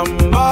I'm ma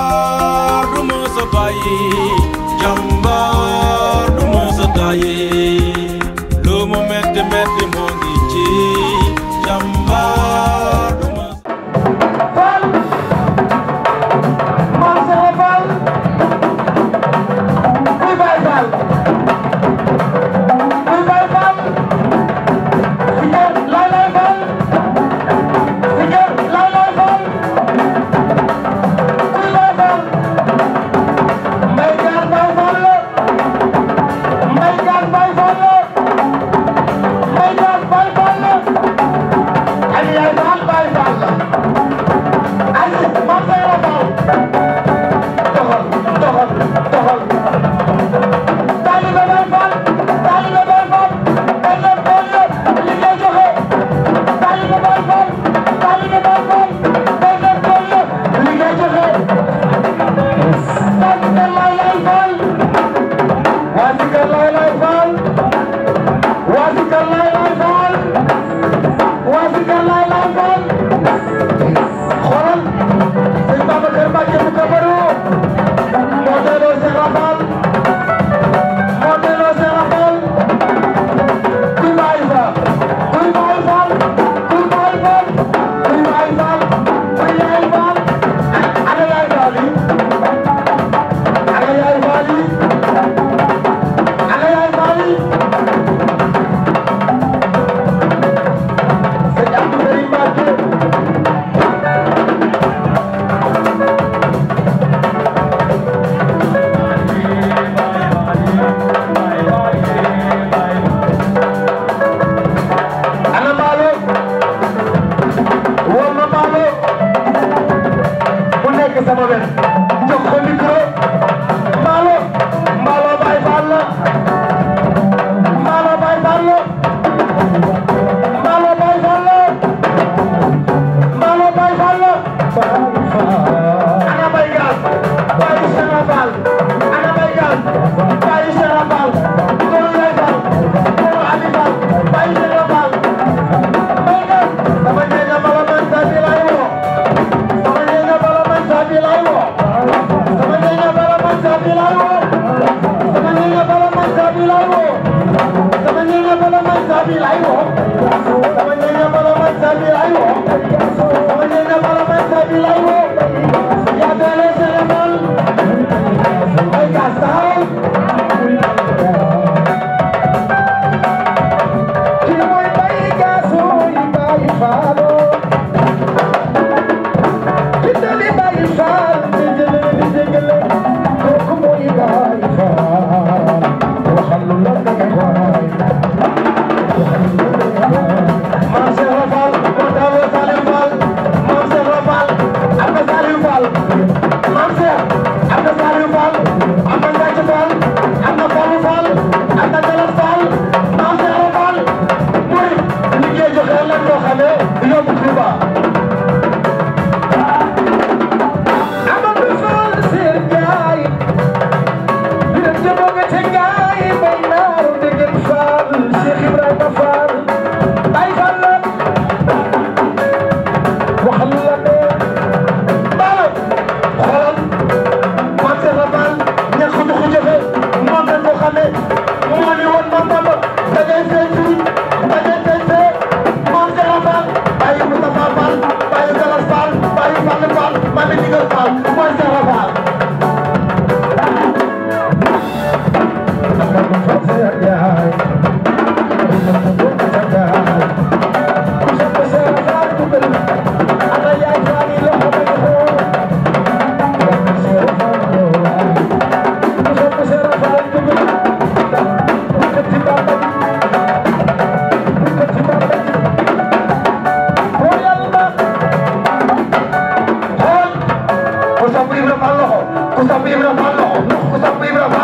Usapibra Stop me palo.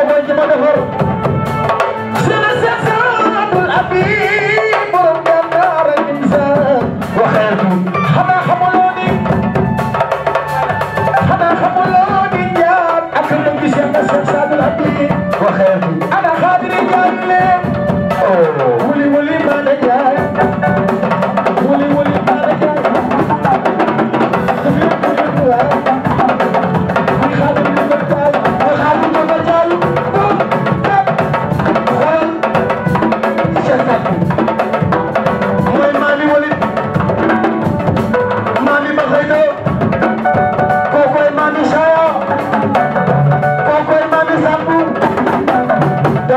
我关心毛泽东。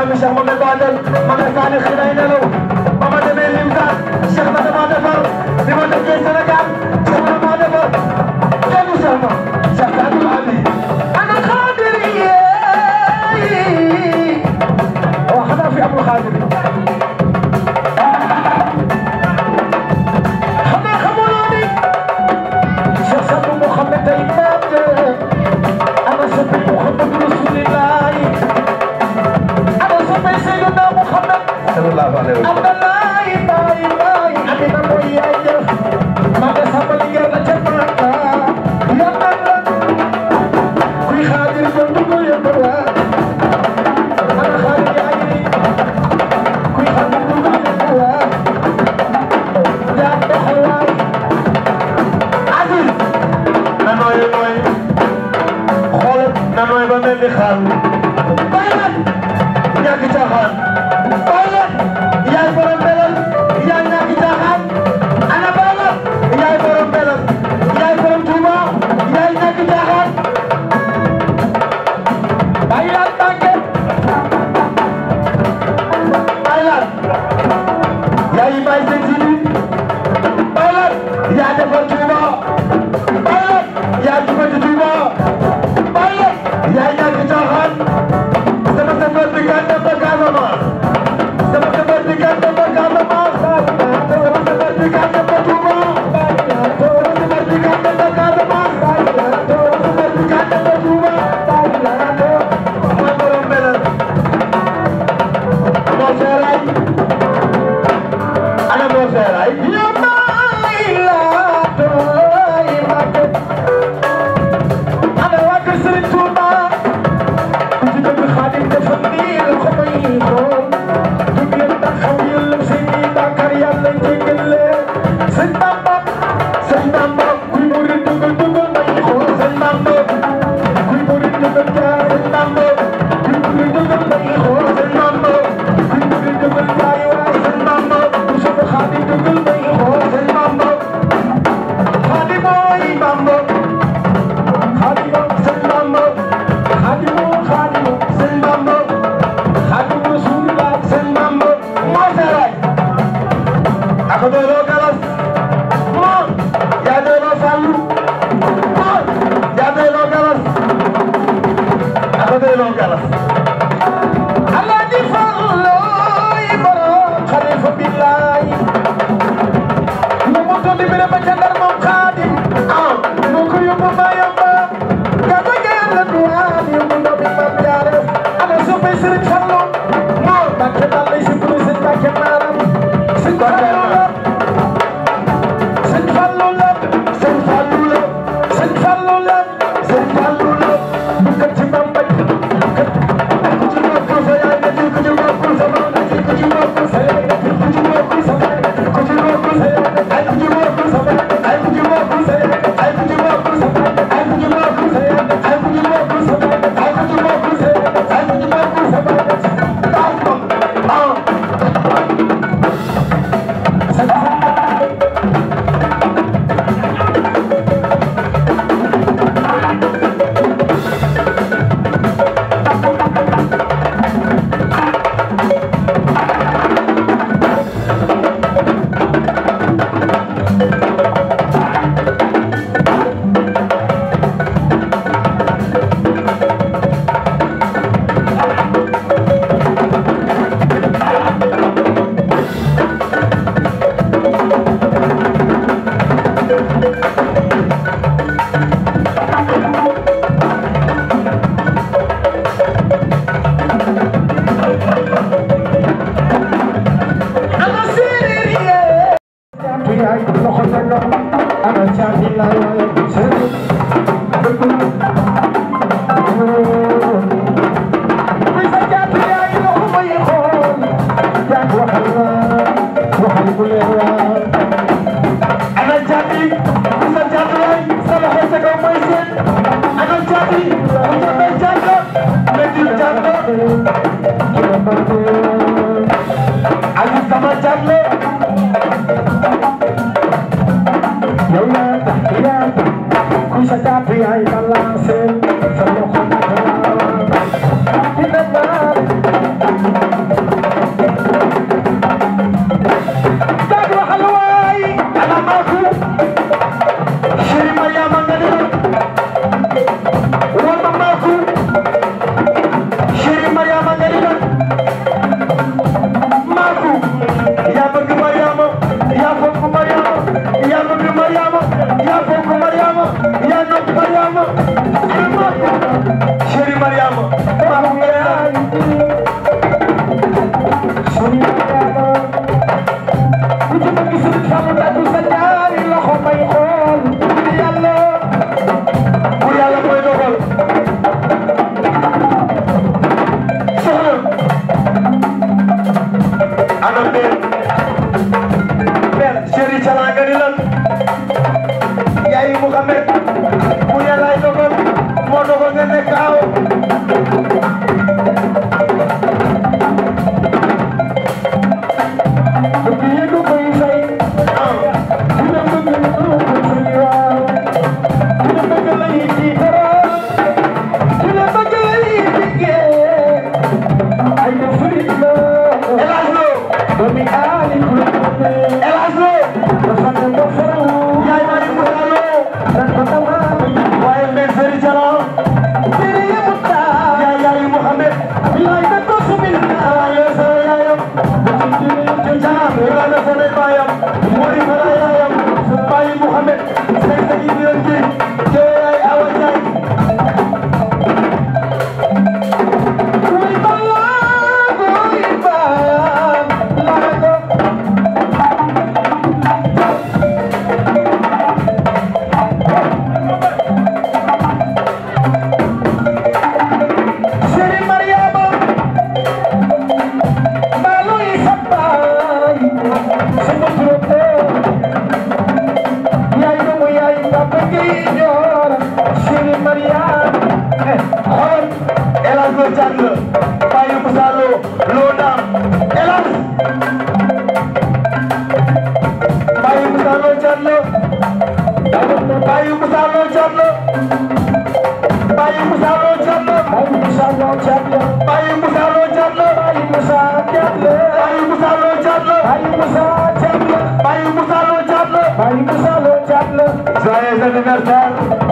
doomi Cheikh ma nga doon ma nga saani xëy na ay nelaw ba ma demee limtaan Cheikh ba dama defar li ma dëkkee Sénégal பேசுறேன் Joyeux anniversaire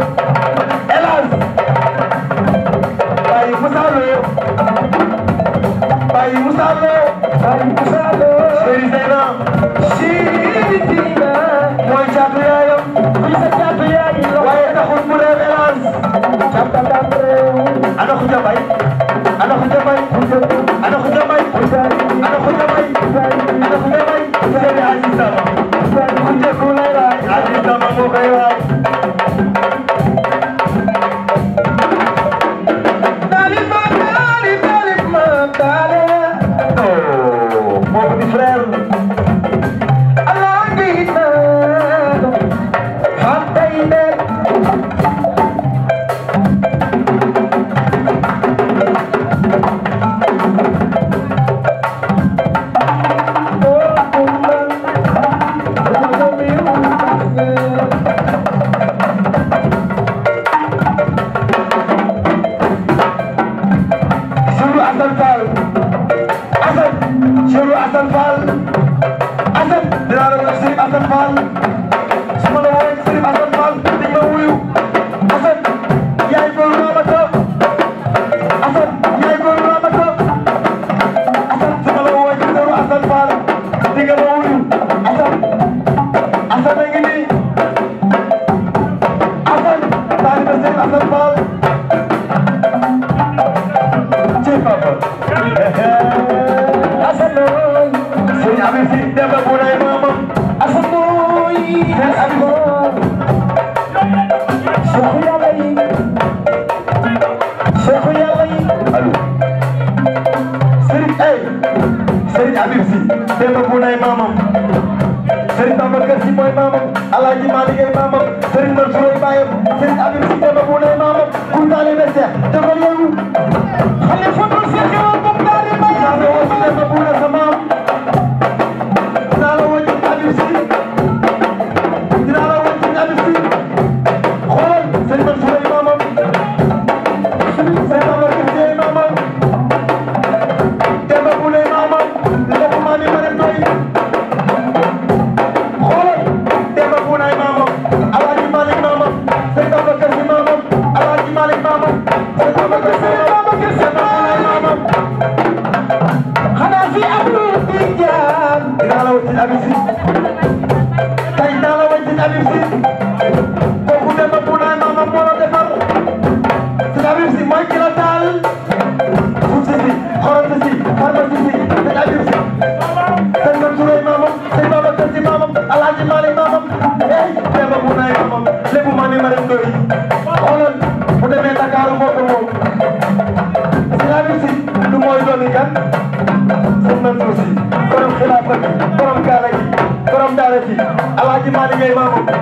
Hasan Tarim হোসেন হাসান Pal Hey, Sayyid Abibsi, Tema Bunai Mama. Serigne Babacar Sy mooy maamam Alaaji Maalik ay maamam Serigne Mansour ay baayam Serigne Abib Sy Dabakh ay maamam ku taalibe Seex dafa yeewu Ndoye xoolal bu demee Dakar moo ko moom xilaafi si du mooy doon kan sum nan suusi borom xilaafa borom kaala gi borom daara ji alaaji Maalik ngay maamam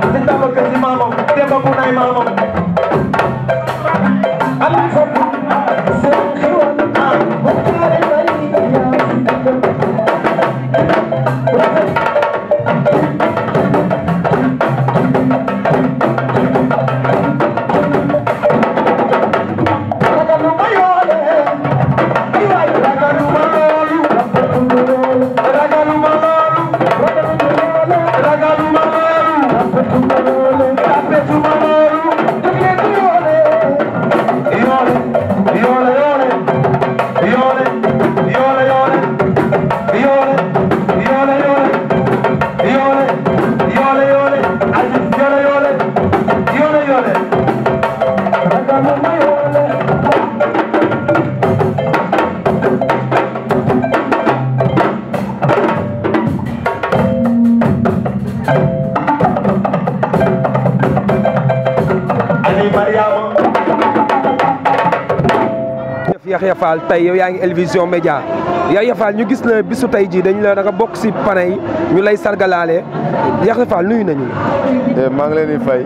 tey yow yaa ngi Elvision Média Yaxya Fall ñu gis na bisu tey ji dañu la da nga bokk si panay ñu lay sargalaale Yaxya Fall nuyu nañu. Eh, maa ngi leen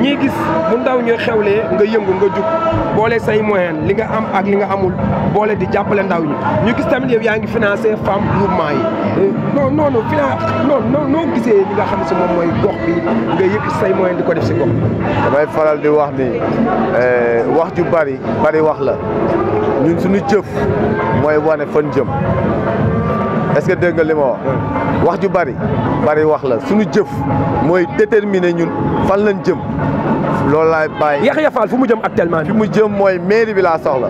ñii gis bu ndaw ñoo xewle nga yëngu nga jug boole say moyen li nga am ak li nga amul boole di jàppale ndaw ñi ñu gis tamit yow yaa ngi financé femme mouvement yi euh, non non non noo gisee li nga xam si moom mooy gox bi nga yëg say moyen di ko def si gox damay faral di wax ni euh, wax ju bari bari wax la ñun suñu jëf mooy wane fan jëm est-ce que dégg nga li ma wax wax ju bari bari wax la suñu jëf mooy déterminer ñun fan lañ jëm loolu laay bàyyi. Yaxya Fall fu mu jëm actuellement. fi mu jëm mooy mairie bi laa soxla.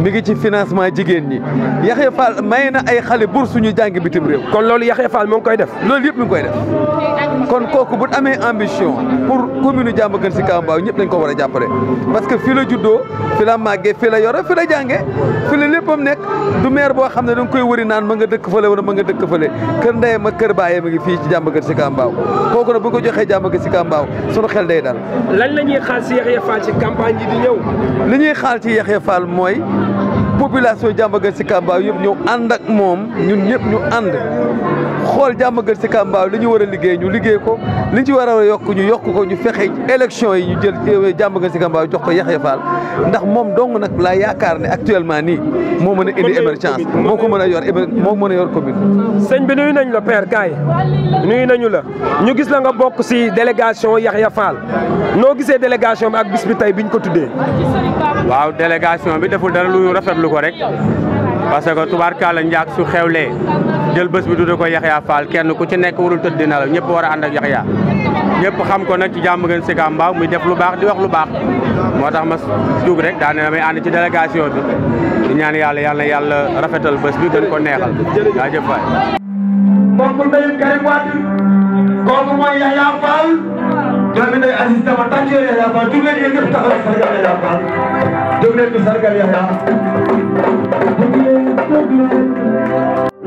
mi ngi ci financement jigéen ñi Yaxya Fall may na ay xale bourse suñu jàng bitim réew. kon loolu Yaxya Fall mu ngi koy def. loolu yëpp mi ngi koy def. kon kooku bu amee ambition pour commune Diamaguène Sicap Mbao ñëpp dañ ko war a jàppale parce que fii la juddoo fi la màggee fi la yore fi la jànge fi la léppam nekk du maire boo xam ne da koy wëri naan ma nga dëkk fële wala ma nga dëkk fële kër ndeyam ma kër baayam a ngi fii ci Diamaguène Sicap Mbao kooku nag bu ko joxee Diamaguène Sicap Mbao sunu xel day dal lan la ñuy xaar si Yaxya Fall ci campagne yi di ñëw li ñuy xaal ci Yaxya Fall mooy population Diamaguène Sicap Mbao yëpp ñëw ànd ak moom ñun ñëpp ñu ànd xool jàmm gën si kàmbaaw li ñu war a liggéey ñu liggéey ko li ñu ci war a yokk ñu yokk ko ñu fexe élection yi ñu jël jàmm gën si kàmbaaw jox ko Yaxya Fall ndax moom dong nag laa yaakaar ne actuellement nii moo mën a indi émergence moo ko mën a yor moo mën a yor commune sëñ bi nuyu nañ la père kaay nuyu nañu la ñu gis la nga bokk si délégation ya Fall noo gisee délégation bi ak bis bi tey biñ ko tuddee waaw délégation bi deful dara lu ñu rafetlu ko rek parce que tubaarkalla njaag su xewlee jël bés bi tudde ko Yaxya Fall kenn ku ci nekk warul tëdd dina la ñëpp war a ànd ak Yaxya ñëpp xam ko nag ci jàmm gën si mbaaw muy def lu baax di wax lu baax moo tax ma jug rek daa ne damay ci délégation bi di ñaan yàlla yàlla na yàlla rafetal bés bi gën ko neexal daa jëf waay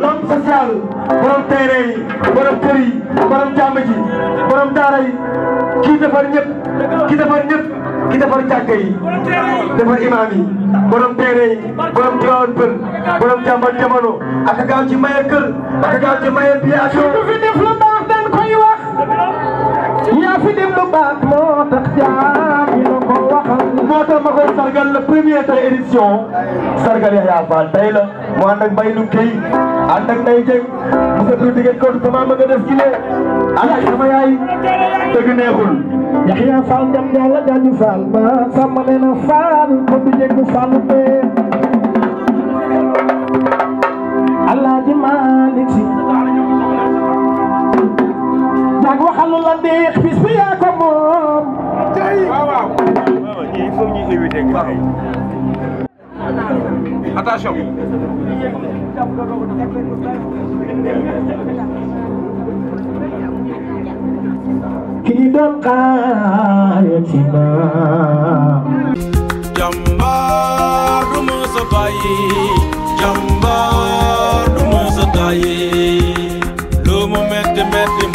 l'homme social borom teere yi borom kër yi borom jàmm ji borom daara yi kii defar ñëpp kii defar ñëpp defar imaam yi borom teere borom diwaan pël borom jàmbat jamono ak gaaw ci maye kër ak gaaw ci maye biir ak fi def lu baax dañ koy wax yaa fi def lu baax moo tax jaam moo tax ma koy sargal la première tey édition sargal Yaya Fall tey la mu ànd ak Baye Lukkey. ànd ak Ndeye Dieng mos a tudd ngeen ko sama ma nga def ci lee ànd ak sama yaay dëgg neexul. Yaxya Fall jaaju Fall ma sama nee na Fall ba du jéggu Fall bee. Alaaji Malik waxal la neex bis bi moom. attention ki doon xaar ci ma jàmbaar du ma sa bàyyi jàmbaar du ma sa tàyyi lu mu metti metti